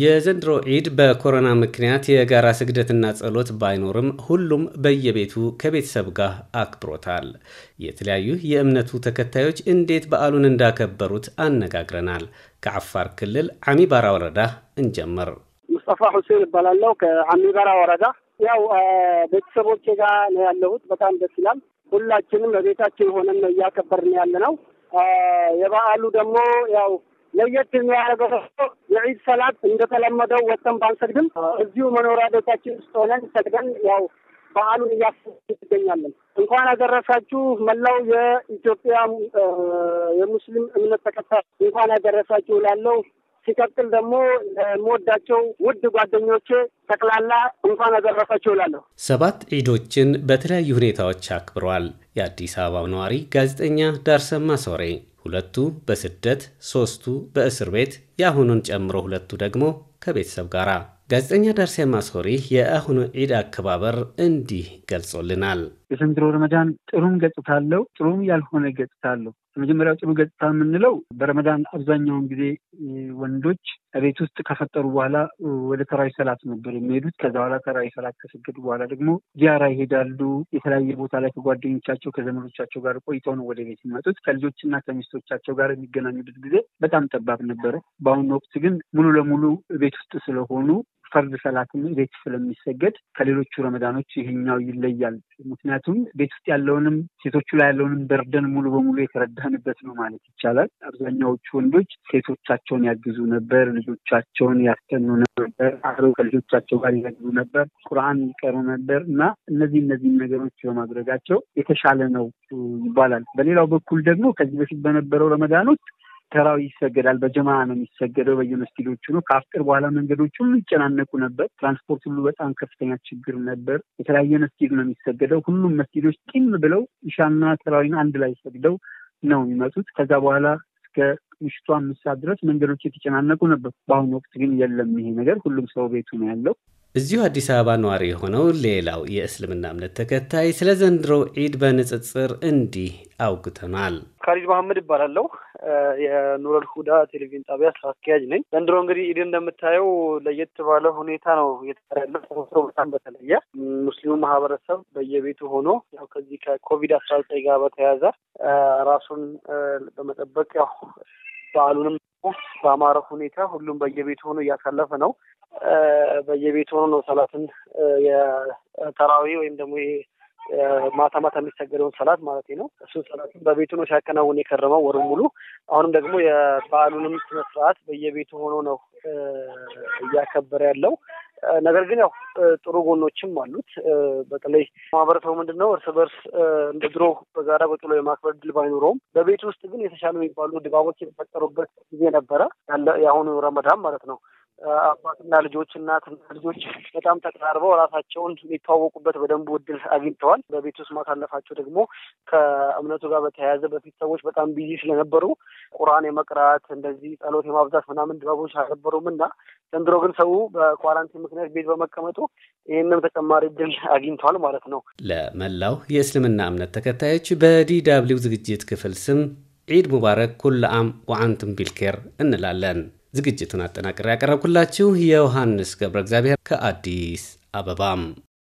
የዘንድሮ ዒድ በኮሮና ምክንያት የጋራ ስግደትና ጸሎት ባይኖርም ሁሉም በየቤቱ ከቤተሰብ ጋር አክብሮታል። የተለያዩ የእምነቱ ተከታዮች እንዴት በዓሉን እንዳከበሩት አነጋግረናል። ከአፋር ክልል አሚባራ ወረዳ እንጀምር። ሙስጠፋ ሁሴን እባላለሁ ከአሚባራ ወረዳ። ያው ቤተሰቦቼ ጋር ነው ያለሁት። በጣም ደስ ይላል። ሁላችንም በቤታችን ሆነን እያከበርን ያለ ነው። የበዓሉ ደግሞ ያው ለየት የሚያደርገው የዒድ ሰላት እንደተለመደው ወጥተን ባንሰግድም እዚሁ መኖሪያ ቤታችን ውስጥ ሆነን ሰግደን ያው በዓሉን እያስ ትገኛለን። እንኳን ያደረሳችሁ መላው የኢትዮጵያ የሙስሊም እምነት ተከታይ እንኳን ያደረሳችሁ ላለው ሲቀጥል ደግሞ የምወዳቸው ውድ ጓደኞቼ ጠቅላላ እንኳን ያደረሳችሁ ላለሁ። ሰባት ዒዶችን በተለያዩ ሁኔታዎች አክብረዋል። የአዲስ አበባው ነዋሪ ጋዜጠኛ ዳርሰማ ሶሬ ሁለቱ በስደት ሶስቱ በእስር ቤት የአሁኑን ጨምሮ ሁለቱ ደግሞ ከቤተሰብ ጋር ጋዜጠኛ ዳርሲያ ማስሆሪ የአሁኑ ዒድ አከባበር እንዲህ ገልጾልናል። የዘንድሮ ረመዳን ጥሩም ገጽታ አለው፣ ጥሩም ያልሆነ ገጽታ አለው። የመጀመሪያው ጥሩ ገጽታ የምንለው በረመዳን አብዛኛውን ጊዜ ወንዶች ቤት ውስጥ ከፈጠሩ በኋላ ወደ ተራዊ ሰላት ነበር የሚሄዱት። ከዛ በኋላ ተራዊ ሰላት ከሰገዱ በኋላ ደግሞ ዚያራ ይሄዳሉ። የተለያየ ቦታ ላይ ከጓደኞቻቸው ከዘመዶቻቸው ጋር ቆይተው ነው ወደ ቤት የሚመጡት። ከልጆችና ከሚስቶቻቸው ጋር የሚገናኙበት ጊዜ በጣም ጠባብ ነበረ። በአሁኑ ወቅት ግን ሙሉ ለሙሉ ቤት ውስጥ ስለሆኑ ፈርድ ሰላት ቤት ስለሚሰገድ ከሌሎቹ ረመዳኖች ይሄኛው ይለያል። ምክንያቱም ቤት ውስጥ ያለውንም ሴቶቹ ላይ ያለውንም በርደን ሙሉ በሙሉ የተረዳንበት ነው ማለት ይቻላል። አብዛኛዎቹ ወንዶች ሴቶቻቸውን ያግዙ ነበር፣ ልጆቻቸውን ያስተኑ ነበር፣ አብረው ከልጆቻቸው ጋር ያግዙ ነበር፣ ቁርአን ይቀሩ ነበር እና እነዚህ እነዚህ ነገሮች በማድረጋቸው የተሻለ ነው ይባላል። በሌላው በኩል ደግሞ ከዚህ በፊት በነበረው ረመዳኖች ተራዊ ይሰገዳል። በጀማ ነው የሚሰገደው። በየመስጊዶቹ ነው። ከአፍጥር በኋላ መንገዶች ሁሉ ይጨናነቁ ነበር። ትራንስፖርት ሁሉ በጣም ከፍተኛ ችግር ነበር። የተለያየ መስጊድ ነው የሚሰገደው። ሁሉም መስጊዶች ጢም ብለው ኢሻና ተራዊን አንድ ላይ ሰግደው ነው የሚመጡት። ከዛ በኋላ እስከ ምሽቱ አምስት ሰዓት ድረስ መንገዶች የተጨናነቁ ነበር። በአሁኑ ወቅት ግን የለም ይሄ ነገር። ሁሉም ሰው ቤቱ ነው ያለው። እዚሁ አዲስ አበባ ነዋሪ የሆነው ሌላው የእስልምና እምነት ተከታይ ስለ ዘንድሮ ዒድ በንጽጽር እንዲህ አውግተናል። ካሊድ መሐመድ ይባላለሁ። የኑረል ሁዳ ቴሌቪዥን ጣቢያ ስራ አስኪያጅ ነኝ። ዘንድሮ እንግዲህ ኢድ እንደምታየው ለየት ባለ ሁኔታ ነው የተያለ በጣም በተለየ ሙስሊሙ ማህበረሰብ በየቤቱ ሆኖ ያው ከዚህ ከኮቪድ አስራ ዘጠኝ ጋር በተያያዘ ራሱን በመጠበቅ ያው በዓሉንም በአማረ ሁኔታ ሁሉም በየቤቱ ሆኖ እያሳለፈ ነው። በየቤቱ ሆኖ ነው ሰላትን የተራዊ ወይም ደግሞ ማታ ማታ የሚሰገደውን ሰላት ማለት ነው። እሱን ሰላቱን በቤቱ ነው ሲያከናውን የከረመው ወሩን ሙሉ። አሁንም ደግሞ የበዓሉንም ስነ ስርዓት በየቤቱ ሆኖ ነው እያከበረ ያለው። ነገር ግን ያው ጥሩ ጎኖችም አሉት። በተለይ ማህበረሰቡ ምንድን ነው እርስ በርስ እንደ ድሮ በጋራ በጥሎ የማክበር ድል ባይኖረውም በቤት ውስጥ ግን የተሻሉ የሚባሉ ድባቦች የተፈጠሩበት ጊዜ ነበረ፣ የአሁኑ ረመዳን ማለት ነው። አባትና ልጆች እናትና ልጆች በጣም ተቀራርበው ራሳቸውን የሚተዋወቁበት በደንብ እድል አግኝተዋል። በቤት ውስጥ ማሳለፋቸው ደግሞ ከእምነቱ ጋር በተያያዘ በፊት ሰዎች በጣም ቢዚ ስለነበሩ ቁርአን የመቅራት እንደዚህ ጸሎት የማብዛት ምናምን ድባቦች አልነበሩም እና ዘንድሮ ግን ሰው በኳራንቲን ምክንያት ቤት በመቀመጡ ይህንም ተጨማሪ እድል አግኝተዋል ማለት ነው። ለመላው የእስልምና እምነት ተከታዮች በዲዳብሊው ዝግጅት ክፍል ስም ዒድ ሙባረክ ኩል ዓም ቢልኬር እንላለን። ዝግጅቱን አጠናቅሬ ያቀረብኩላችሁ የዮሐንስ ገብረ እግዚአብሔር ከአዲስ አበባም